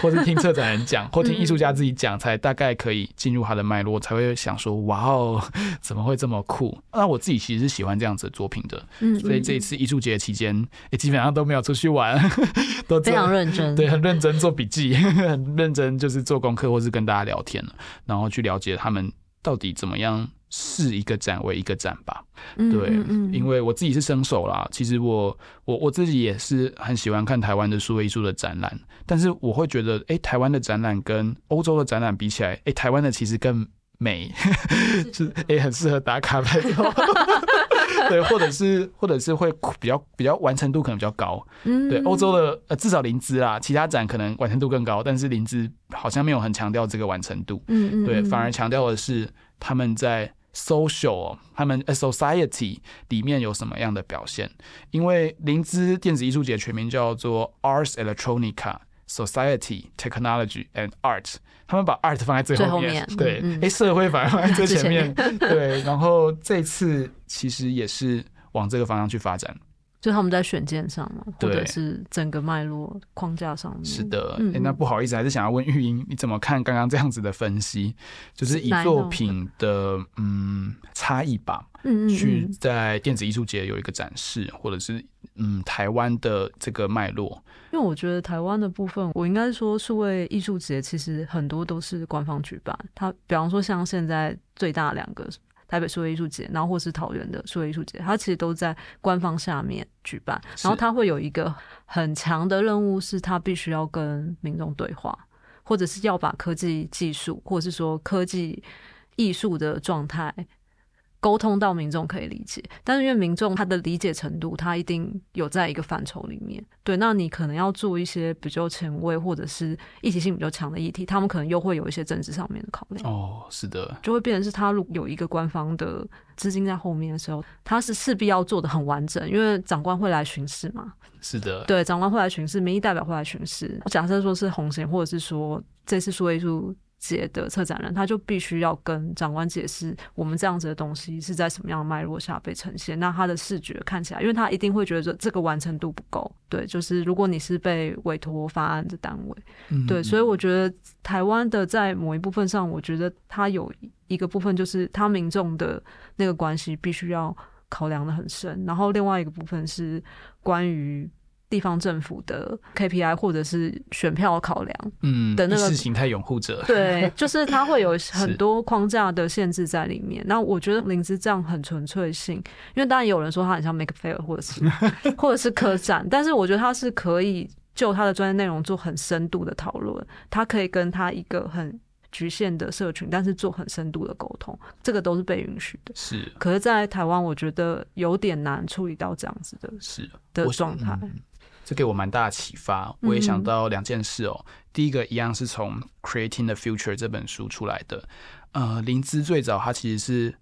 或是聽策展人講，或聽藝術家自己講，才大概可以進入他的脈絡，才會想說：哇哦，怎麼會這麼酷？那、啊、我自己其實是喜歡這樣子的作品的。嗯，所以這一次藝術節期間，也、欸、基本上都沒有出去玩，都非常認真，對，很認真做筆記，很認真就是做功課，或是跟大家聊天，然後去了解他們到底怎麼樣。是一個展為一個展吧，對，因為我自己是生手啦。其實我我我自己也是很喜歡看台灣的數位藝術的展覽，但是我會覺得，哎，台灣的展覽跟歐洲的展覽比起來，哎，台灣的其實更美， 是也、欸、很適合打卡拍照，對，或者是或者是會比較比較完成度可能比較高，對，歐洲的呃至少林茲啦，其他展可能完成度更高，但是林茲好像沒有很強調這個完成度，嗯，對，反而強調的是他們在。social，他們 a society 裡面有什麼樣的表現？因為林茲電子藝術節全名叫做 Ars Electronica Society Technology and Art，他們把 art 放在最後面，後面對，哎、嗯嗯，欸、社會反而放在最前面，面對，然後這次其實也是往這個方向去發展。就他們在選件上嘛，對或者是整個脈絡框架上面。是的嗯嗯、欸，那不好意思，還是想要問玉音，你怎麼看剛剛這樣子的分析？就是以作品的，的嗯差異吧，嗯，嗯嗯，去在電子藝術節有一個展示，或者是嗯台灣的這個脈絡。因為我覺得台灣的部分，我應該說數位藝術節，其實很多都是官方舉辦。它比方說像現在最大的兩個。台北數位藝術節，然後或是桃園的數位藝術節，它其實都在官方下面舉辦。然後它會有一個很強的任務，是它必須要跟民眾對話，或者是要把科技技術，或者是說科技藝術的狀態。溝通到民眾可以理解，但是因為民眾他的理解程度，他一定有在一個範疇裡面。對，那你可能要做一些比較前衛或者是議題性比較強的議題，他們可能又會有一些政治上面的考量。哦，是的，就會變成是他如果有一個官方的資金在後面的時候，他是勢必要做的很完整，因為長官會來巡視嘛。是的，對，長官會來巡視，民意代表會來巡視。假設說是紅線，或者是說這次說一說的策展人，他就必須要跟長官解釋，我們這樣子的東西是在什麼樣的脈絡下被呈現。那他的視覺看起來，因為他一定會覺得這個完成度不夠，對，就是如果你是被委託法案的單位，對，嗯嗯，所以我覺得台灣的在某一部分上，我覺得他有一個部分就是他民眾的那個關係必須要考量得很深，然後另外一個部分是關於。地方政府的 KPI 或者是選票考量，嗯，的那個意識形態擁護者，對，就是他會有很多框架的限制在裡面。那我覺得林茲這樣很純粹性，因為當然有人說他很像 Make Fair，或者是或者是科展，但是我覺得他是可以就他的專業內容做很深度的討論，他可以跟他一個很局限的社群，但是做很深度的溝通，這個都是被允許的。是，可是，在台灣，我覺得有點難處理到這樣子的的狀態，是，是的狀態。嗯這給我蠻大的啟發，我也想到兩件事哦。嗯嗯，第一個一樣是從《Creating the Future》這本書出來的，呃，林茲最早它其實是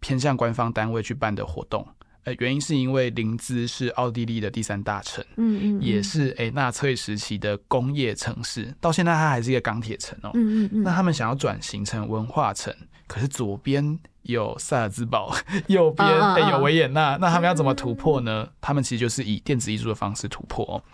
偏向官方單位去辦的活動，呃，原因是因為林茲是奧地利的第三大城，嗯，嗯嗯，也是納粹時期的工業城市，到現在它還是一個鋼鐵城哦，嗯嗯，嗯，那他們想要轉型成文化城，可是左邊，有薩爾茲堡，右邊哎、oh, oh, oh. 欸、有維也納，那他們要怎麼突破呢？他們其實就是以電子藝術的方式突破、喔。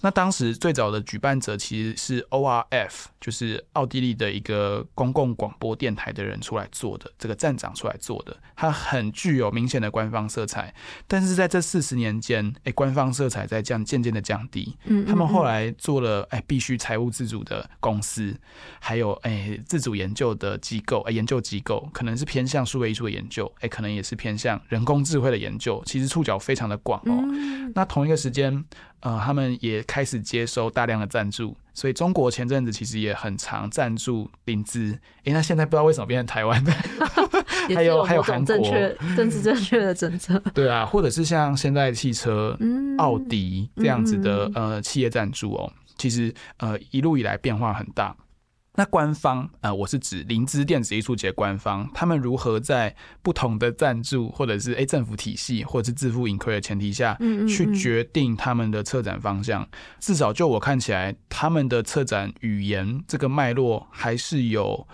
那當時最早的舉辦者其實是 ORF，就是奧地利的一個公共廣播電臺的人出來做的，這個站長出來做的，他很具有明顯的官方色彩。但是在這四十年間，哎、欸，官方色彩在這樣漸漸的降低。嗯他們後來做了，哎、欸，必須財務自主的公司，還有哎、欸、自主研究的機構，哎、欸、研究機構可能是偏向數。技術的研究，哎、欸，可能也是偏向人工智慧的研究。其實觸角非常的廣哦、喔。嗯、那同一個時間，呃，他們也開始接收大量的贊助，所以中國前陣子其實也很常贊助林茲。哎、欸，那現在不知道為什麼變成台灣的， 還有，有還有韓國，政治正確的政策。對啊，或者是像現在汽車奧迪這樣子的、嗯、呃企業贊助哦、喔，其實呃一路以來變化很大。那官方，呃，我是指林茲電子藝術節官方，他們如何在不同的贊助或者是、欸、政府體系或者是自負盈虧的前提下去決定他們的策展方向？嗯嗯嗯，至少就我看起來，他們的策展語言這個脈絡還是有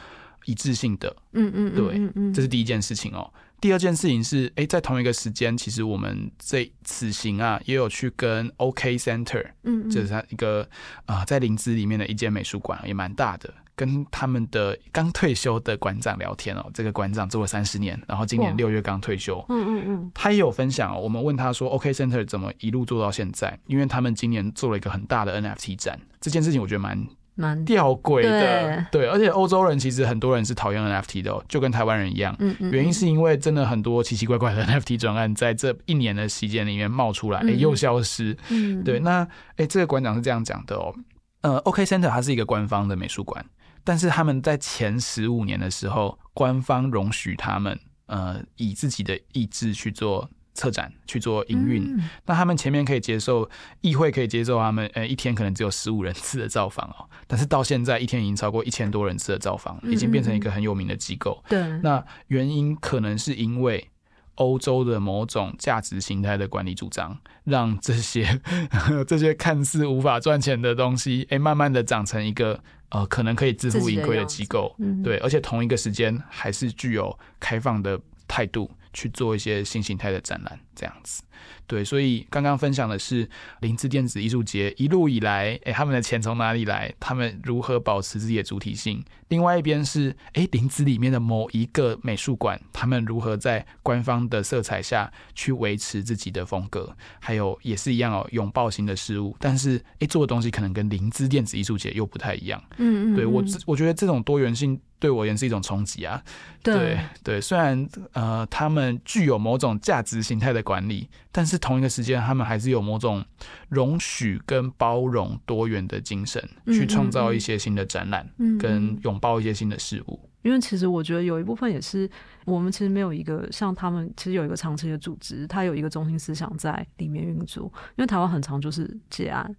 一致性的。嗯嗯，嗯，嗯嗯，對，這是第一件事情哦。第二件事情是，誒、欸，在同一個時間，其實我們這此行啊，也有去跟 OK Center，嗯，嗯，就是他一個啊、呃，在林茲裡面的一間美術館、啊，也蠻大的，跟他們的剛退休的館長聊天哦、喔，這個館長做了三十年，然後今年六月剛退休，嗯嗯嗯，他也有分享哦、喔，我們問他說 OK Center 怎麼一路做到現在，因為他們今年做了一個很大的 NFT 展，這件事情我覺得蠻。蠻弔詭的，對，對，而且歐洲人其實很多人是討厭 NFT 的哦，就跟台灣人一樣。嗯嗯，嗯，原因是因為真的很多奇奇怪怪的 NFT 專案在這一年的時間裡面冒出來，哎、嗯，又消失。嗯，對，那哎，這個館長是這樣講的哦，呃，OK Center 它是一個官方的美術館，但是他們在前十五年的時候，官方容許他們呃以自己的意志去做。策展，去做營運，嗯、那他們前面可以接受議會，可以接受他們，呃、欸，一天可能只有十五人次的造訪哦、喔，但是到現在一天已經超過一千多人次的造訪，已經變成一個很有名的機構。對、嗯，那原因可能是因為歐洲的某種價值形態的管理主張，讓這些呵呵這些看似無法賺錢的東西，哎、欸，慢慢的長成一個呃，可能可以自負盈虧的機構。嗯、對，而且同一個時間還是具有開放的態度，去做一些新形態的展覽。這樣子，對，所以剛剛分享的是林茲電子藝術節一路以來，哎、欸，他們的錢從哪裡來？他們如何保持自己的主體性？另外一邊是，哎、欸，林茲裡面的某一個美術館，他們如何在官方的色彩下去維持自己的風格？還有也是一樣哦，擁抱型的事物，但是，哎、欸，做的東西可能跟林茲電子藝術節又不太一樣。嗯嗯，嗯對，對我，我覺得這種多元性對我也是一種衝擊啊。對對，對，雖然呃，他們具有某種價值形態的。管理，但是同一個時間，他們還是有某種容許跟包容多元的精神，去創造一些新的展覽，跟擁抱一些新的事物嗯嗯嗯嗯。因為其實我覺得有一部分也是，我們其實沒有一個像他們，其實有一個長期的組織，它有一個中心思想在裡面運作。因為台灣很常就是接案。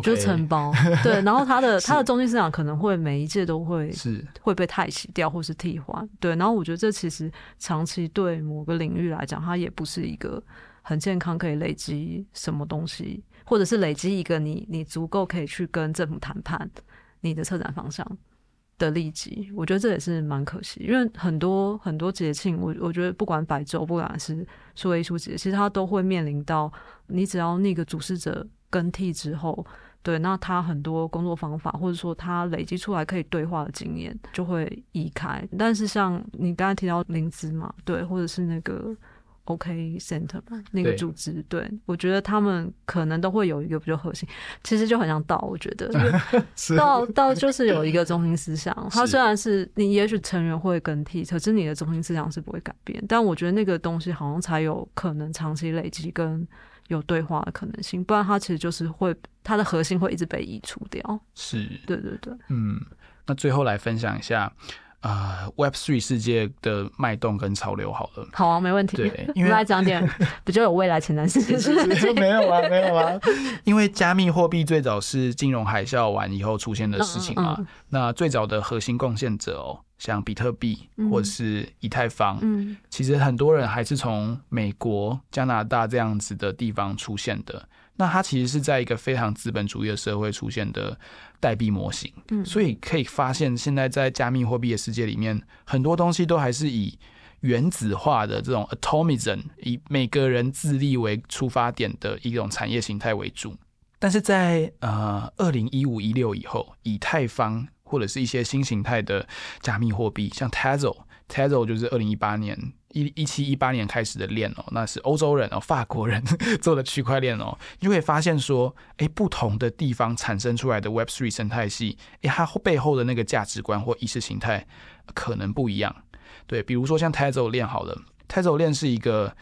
就承包 Okay. 對，然後它的它的中心思想可能會每一屆都會是會被汰洗掉或是替換對，然後我覺得這其實長期對某個領域來講，它也不是一個很健康可以累積什麼東西，或者是累積一個你你足夠可以去跟政府談判你的策展方向的利基，我覺得這也是蠻可惜，因為很多很多節慶，我我覺得不管白晝不管是數位藝術節，其實它都會面臨到你只要那個主事者。更替之後，對，那他很多工作方法，或者說他累積出來可以對話的經驗，就會移開。但是像你剛才提到林茲嘛，對，或者是那個 OK Center 那個組織，對，對，我覺得他們可能都會有一個比較核心，其實就很像道，我覺得 是道道就是有一個中心思想。他雖然是你，也許成員會更替，可是你的中心思想是不會改變。但我覺得那個東西好像才有可能長期累積跟。有對話的可能性，不然它其實就是會，它的核心會一直被移除掉。是，對對對，嗯，那最後來分享一下。啊、uh,，Web3 世界的脈動跟潮流好了，好啊，沒問題。對，因為，我們來講點比較有未來前瞻性的事情。 沒有啊，沒有啊。因為加密貨幣最早是金融海嘯完以後出現的事情嘛。嗯嗯嗯，那最早的核心貢獻者哦，像比特幣或者是以太坊，嗯、其實很多人還是從美國、加拿大這樣子的地方出現的。那它其實是在一個非常資本主義的社會出現的代幣模型，嗯、所以可以發現，現在在加密貨幣的世界裡面，很多東西都還是以原子化的這種 atomism，以每個人自立為出發點的一種產業形態為主。但是在呃二零一五一六以後，以太坊或者是一些新形態的加密貨幣，像 Tazo。Tezos 就是二零一八年一一七一八年開始的鏈哦、喔，那是歐洲人哦、喔，法國人 做的區塊鏈哦，你就會發現說，誒、欸，不同的地方產生出來的 Web Three 生態系，誒、欸，它背後的那個價值觀或意識形態可能不一樣。對，比如說像 Tezos 鏈好了，Tezos 鏈是一個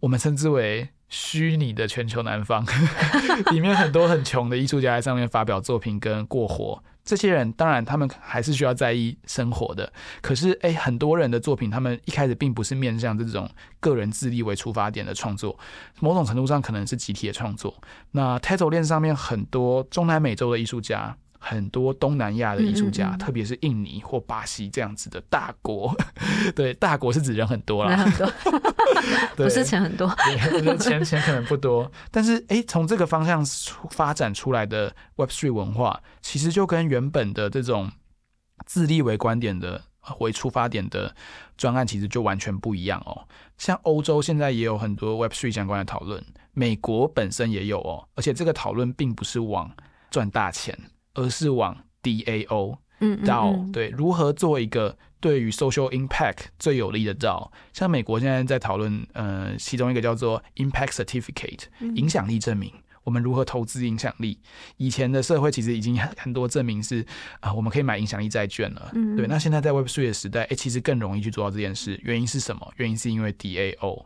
我們稱之為虛擬的全球南方， 裡面很多很窮的藝術家在上面發表作品跟過活。這些人當然，他們還是需要在意生活的。可是，哎、欸，很多人的作品，他們一開始並不是面向這種個人自立為出發點的創作，某種程度上可能是集體的創作。那 Tezos 鏈上面很多中南美洲的藝術家，很多東南亞的藝術家，嗯嗯嗯，特別是印尼或巴西這樣子的大國，嗯嗯 對，大國是指人很多啦。很 對不是錢很多， 錢錢可能不多，但是哎，從、欸、這個方向發展出來的 Web Three 文化，其實就跟原本的這種自立為觀點的、為出發點的專案，其實就完全不一樣哦。像歐洲現在也有很多 Web Three 相關的討論，美國本身也有哦，而且這個討論並不是往賺大錢，而是往 DAO，嗯，DAO、嗯嗯、對，如何做一個。對於 social impact 最有利的道，像美國現在在討論，呃，其中一個叫做 impact certificate，影響力證明。我們如何投資影響力？以前的社會其實已經很很多證明是啊，我們可以買影響力債券了。嗯、對，那現在在 Web three 的時代、欸，其實更容易去做到這件事。原因是什麼？原因是因為 DAO。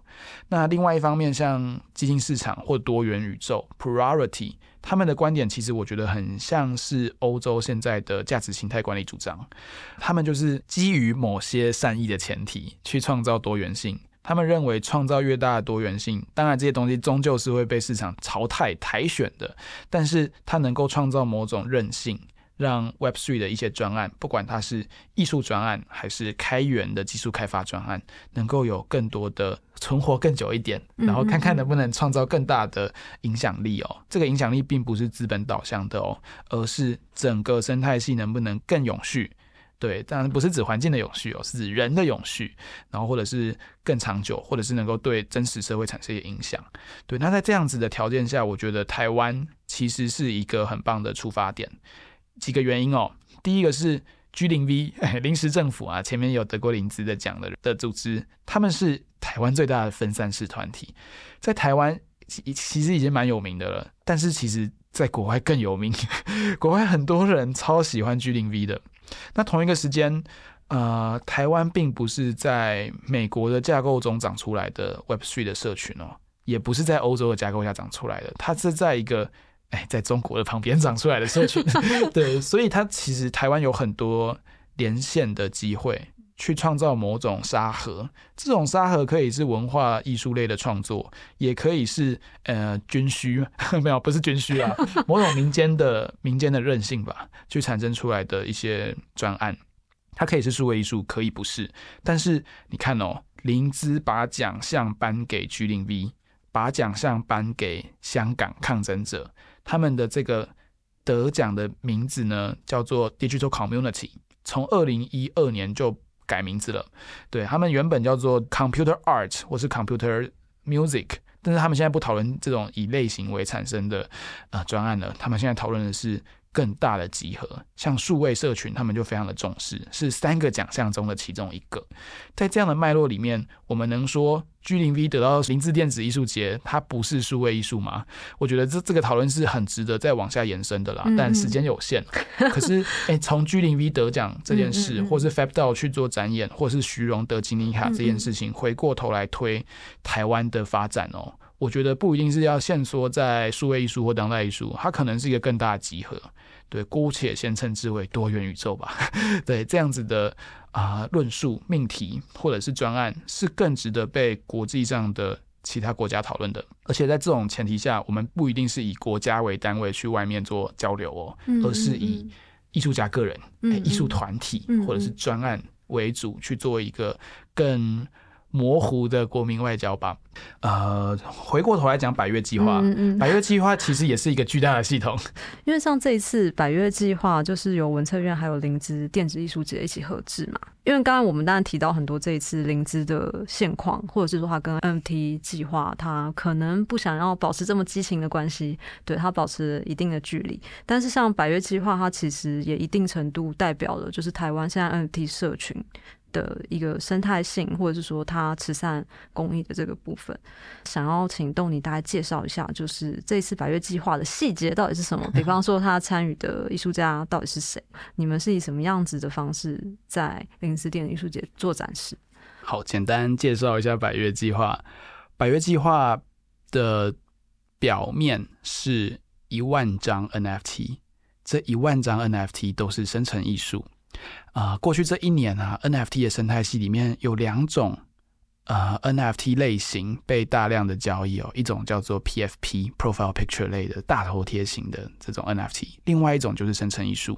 那另外一方面，像激進市場或多元宇宙 plurality。他們的觀點，其實我覺得很像是歐洲現在的價值形態管理主張，他們就是基於某些善意的前提去創造多元性。他們認為創造越大的多元性，當然這些東西終究是會被市場淘汰汰選的，但是它能夠創造某種韌性。讓 Web3 的一些專案，不管它是藝術專案還是開源的技術開發專案，能夠有更多的存活更久一點，然後看看能不能創造更大的影響力哦。 這個影響力並不是資本導向的哦，而是整個生態系能不能更永續。對，當然不是指環境的永續哦，是指人的永續，然後或者是更長久，或者是能夠對真實社會產生一些影響。對，那在這樣子的條件下，我覺得台灣其實是一個很棒的出發點。幾個原因哦，第一個是 G 零 V 哎，臨時政府啊，前面有德國林茲的講的的組織，他們是台灣最大的分散式團體，在台灣其,其實已經蠻有名的了，但是其實在國外更有名，國外很多人超喜歡 G 零 V 的。那同一個時間，呃，台灣並不是在美國的架構中長出來的 Web three 的社群哦，也不是在歐洲的架構下長出來的，它是在一個。哎、在中國的旁邊長出來的社群，對，所以它其實台灣有很多連線的機會，去創造某種沙盒。這種沙盒可以是文化藝術類的創作，也可以是呃軍需，沒有，不是軍需啊，某種民間的民間的韌性吧，去產生出來的一些專案。它可以是數位藝術，可以不是。但是你看哦，林茲把獎項頒給 g0v。把獎項頒給香港抗爭者，他們的這個得獎的名字呢叫做 Digital Community，從二零一二年就改名字了。對，他們原本叫做 Computer Art 或是 Computer Music，但是他們現在不討論這種以類型為產生的，呃，專案了，他們現在討論的是。更大的集合，像數位社群，他們就非常的重視，是三個獎項中的其中一個。在這樣的脈絡裡面，我們能說 G 零 V 得到林茲電子藝術節，它不是數位藝術嗎？我覺得這這個討論是很值得再往下延伸的啦。但時間有限，嗯、可是哎，從、欸、G 零 V 得獎這件事，嗯嗯嗯或是 FAB DAO 去做展演，或是徐榮得金妮卡這件事情，回過頭來推台灣的發展哦、喔，我覺得不一定是要限縮在數位藝術或當代藝術，它可能是一個更大的集合。對，姑且先稱之為多元宇宙吧。對，這樣子的啊論、呃、述命題或者是專案，是更值得被國際上的其他國家討論的。而且在這種前提下，我們不一定是以國家為單位去外面做交流哦，而是以藝術家個人、藝術團體或者是專案為主去做一個更。模糊的國民外交吧，呃，回過頭來講百岳計畫，嗯嗯，百岳計畫其實也是一個巨大的系統， 因為像這一次百岳計畫，就是由文策院還有林茲電子藝術節一起合製嘛。因為剛剛我們當然提到很多這一次林茲的現況，或者是說它跟 NFT 計劃，它可能不想要保持這麼激情的關係，對，它保持了一定的距離。但是像百岳計畫，它其實也一定程度代表了，就是台灣現在 NFT 社群的一個生態性，或者是說它慈善公益的這個部分，想要請豆泥大概介紹一下，就是這次百岳計畫的細節到底是什麼？比方說，他參與的藝術家到底是誰？ 你們是以什麼樣子的方式在林茲電子藝術節做展示？好，簡單介紹一下百岳計畫。百岳計畫的表面是一萬張 NFT，這一萬張 NFT 都是生成藝術。啊、呃，過去這一年啊，NFT 的生態系裡面有兩種。呃、uh,，NFT 類型被大量的交易哦，一種叫做 PFP，Profile Picture 類的，大頭貼型的這種 NFT，另外一種就是生成藝術。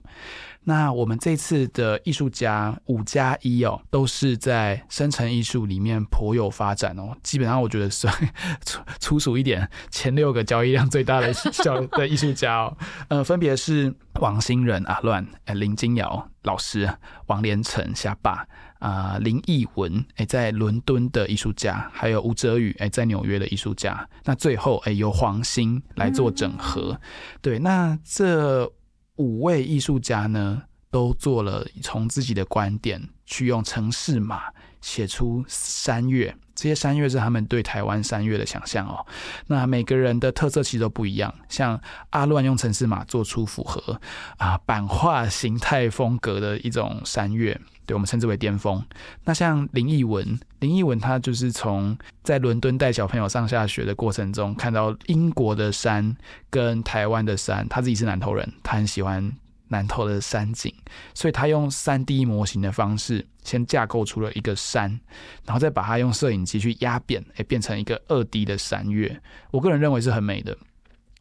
那我們這次的藝術家五加一哦，都是在生成藝術裡面頗有發展哦。基本上我覺得算 粗粗俗一點，前六個交易量最大的叫的藝術家哦， 呃，分別是王新仁、阿、啊、亂、呃、林金堯老師、王連成、蝦巴啊、呃，林奕文誒、欸，在倫敦的藝術家，還有吳哲宇誒、欸，在紐約的藝術家。那最後誒、欸、由黃興來做整合。嗯、對，那這五位藝術家呢，都做了從自己的觀點去用城市碼寫出山岳。這些山岳是他們對台灣山岳的想象哦。那每個人的特色其實都不一樣，像阿亂用程式碼做出符合啊版畫形態風格的一種山岳，對我們稱之為巔峰。那像林奕文，林奕文他就是從在倫敦帶小朋友上下學的過程中，看到英國的山跟台灣的山，他自己是南投人，他很喜歡。南投的山景，所以他用三 D 模型的方式，先架構出了一個山，然後再把它用攝影機去壓扁，變成一個二 D 的山岳。我個人認為是很美的。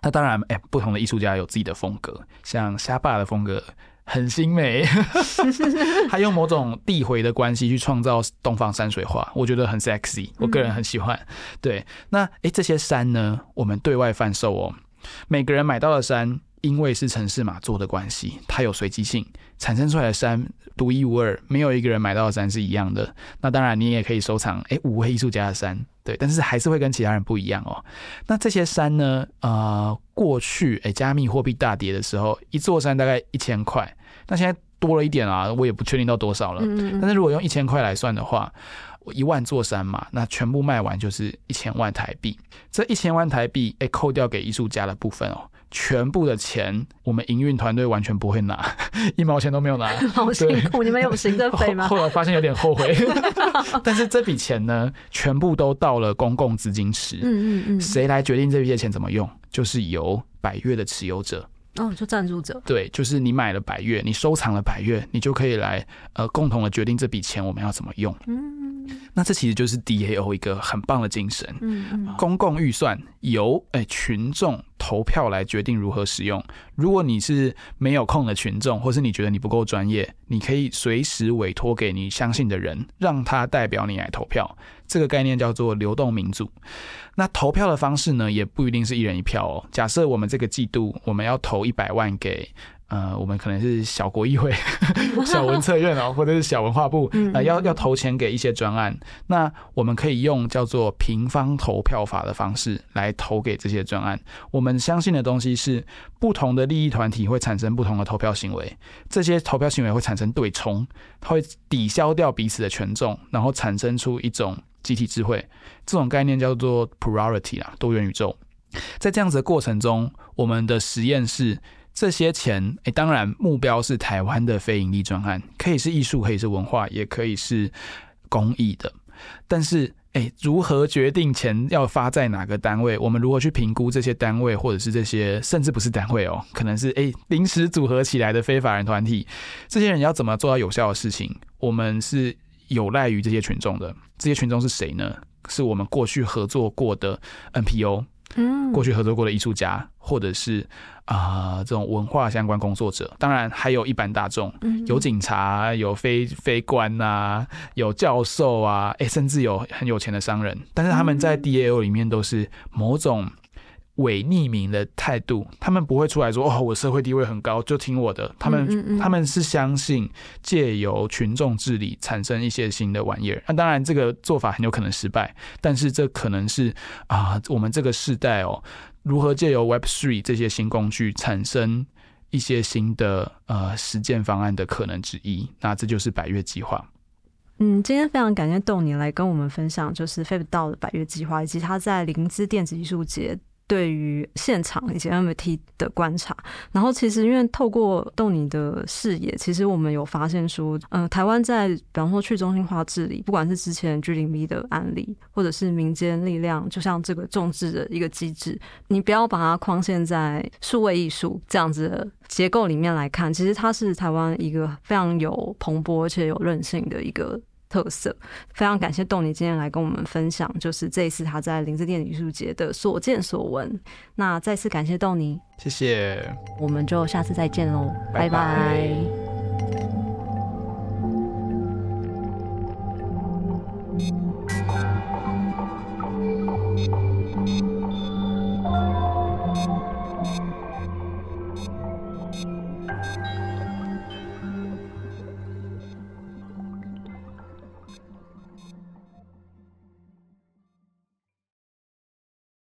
那當然，誒不同的藝術家有自己的風格，像蝦霸的風格很新美， 他用某種遞回的關係去創造東方山水畫，我覺得很 sexy，我個人很喜歡。嗯、對，那誒這些山呢，我們對外販售哦，每個人買到的山。因為是程式碼做的關係，它有隨機性，產生出來的山獨一無二，沒有一個人買到的山是一樣的。那當然，你也可以收藏，哎，五位藝術家的山，對，但是還是會跟其他人不一樣哦。那這些山呢？呃，過去，哎，加密貨幣大跌的時候，一座山大概一千塊，那現在多了一點啊，我也不確定到多少了。嗯嗯。但是如果用一千塊來算的話，一萬座山嘛，那全部賣完就是一千萬台幣。這一千萬台幣，哎，扣掉給藝術家的部分哦。全部的錢，我們營運團隊完全不會拿，一毛錢都沒有拿， 好辛苦！你們有行政費嗎？後來發現有點後悔， 但是這筆錢呢，全部都到了公共資金池。嗯誰 來決定這筆錢怎麼用？就是由百岳的持有者，哦，就贊助者。對，就是你買了百岳，你收藏了百岳，你就可以來呃共同的決定這筆錢我們要怎麼用。嗯。那這其實就是 DAO 一個很棒的精神，公共預算由誒、欸、群眾投票來決定如何使用。如果你是沒有空的群眾，或是你覺得你不夠專業，你可以隨時委託給你相信的人，讓他代表你來投票。這個概念叫做流動民主。那投票的方式呢，也不一定是一人一票哦。假設我們這個季度我們要投一百萬給。呃，我們可能是小國議會、小文策院啊、喔、 或者是小文化部啊、呃，要要投錢給一些專案。那我們可以用叫做平方投票法的方式來投給這些專案。我們相信的東西是，不同的利益團體會產生不同的投票行為，這些投票行為會產生對沖，會抵消掉彼此的權重，然後產生出一種集體智慧。這種概念叫做 plurality 啦，多元宇宙。在這樣子的過程中，我們的實驗室。這些錢，哎，當然目標是台灣的非營利專案，可以是藝術，可以是文化，也可以是公益的。但是誒，如何決定錢要發在哪個單位？我們如何去評估這些單位，或者是這些甚至不是單位哦，可能是誒臨時組合起來的非法人團體？這些人要怎麼做到有效的事情？我們是有賴於這些群眾的。這些群眾是誰呢？是我們過去合作過的 NPO。嗯，過去合作過的藝術家，或者是啊、呃、這種文化相關工作者，當然還有一般大眾，有警察，有非非官啊，有教授啊，哎、欸，甚至有很有錢的商人，但是他們在 D A O 裡面都是某種。偽匿名的態度，他們不會出來說：“哦，我社會地位很高，就聽我的。”他們、嗯嗯嗯、他們是相信借由群眾治理產生一些新的玩意兒。那當然，這個做法很有可能失敗，但是這可能是啊、呃，我們這個時代哦、喔，如何借由 Web Three 這些新工具產生一些新的呃實踐方案的可能之一。那這就是百岳計劃。嗯，今天非常感謝豆泥來跟我們分享，就是 FAB DAO 的百岳計劃以及他在林茲電子藝術節。對於現場以及 NFT 的觀察，然後其實因為透過豆泥的視野，其實我們有發現說，嗯、呃，台灣在比方說去中心化治理，不管是之前 g0v 的案例，或者是民間力量，就像這個眾志的一個機制，你不要把它框限在數位藝術這樣子的結構裡面來看，其實它是台灣一個非常有蓬勃而且有韌性的一個特色，非常感謝豆泥今天來跟我們分享，就是這一次他在林茲電子藝術節的所見所聞。那再次感謝豆泥，謝謝，我們就下次再見嘍，拜拜。拜拜。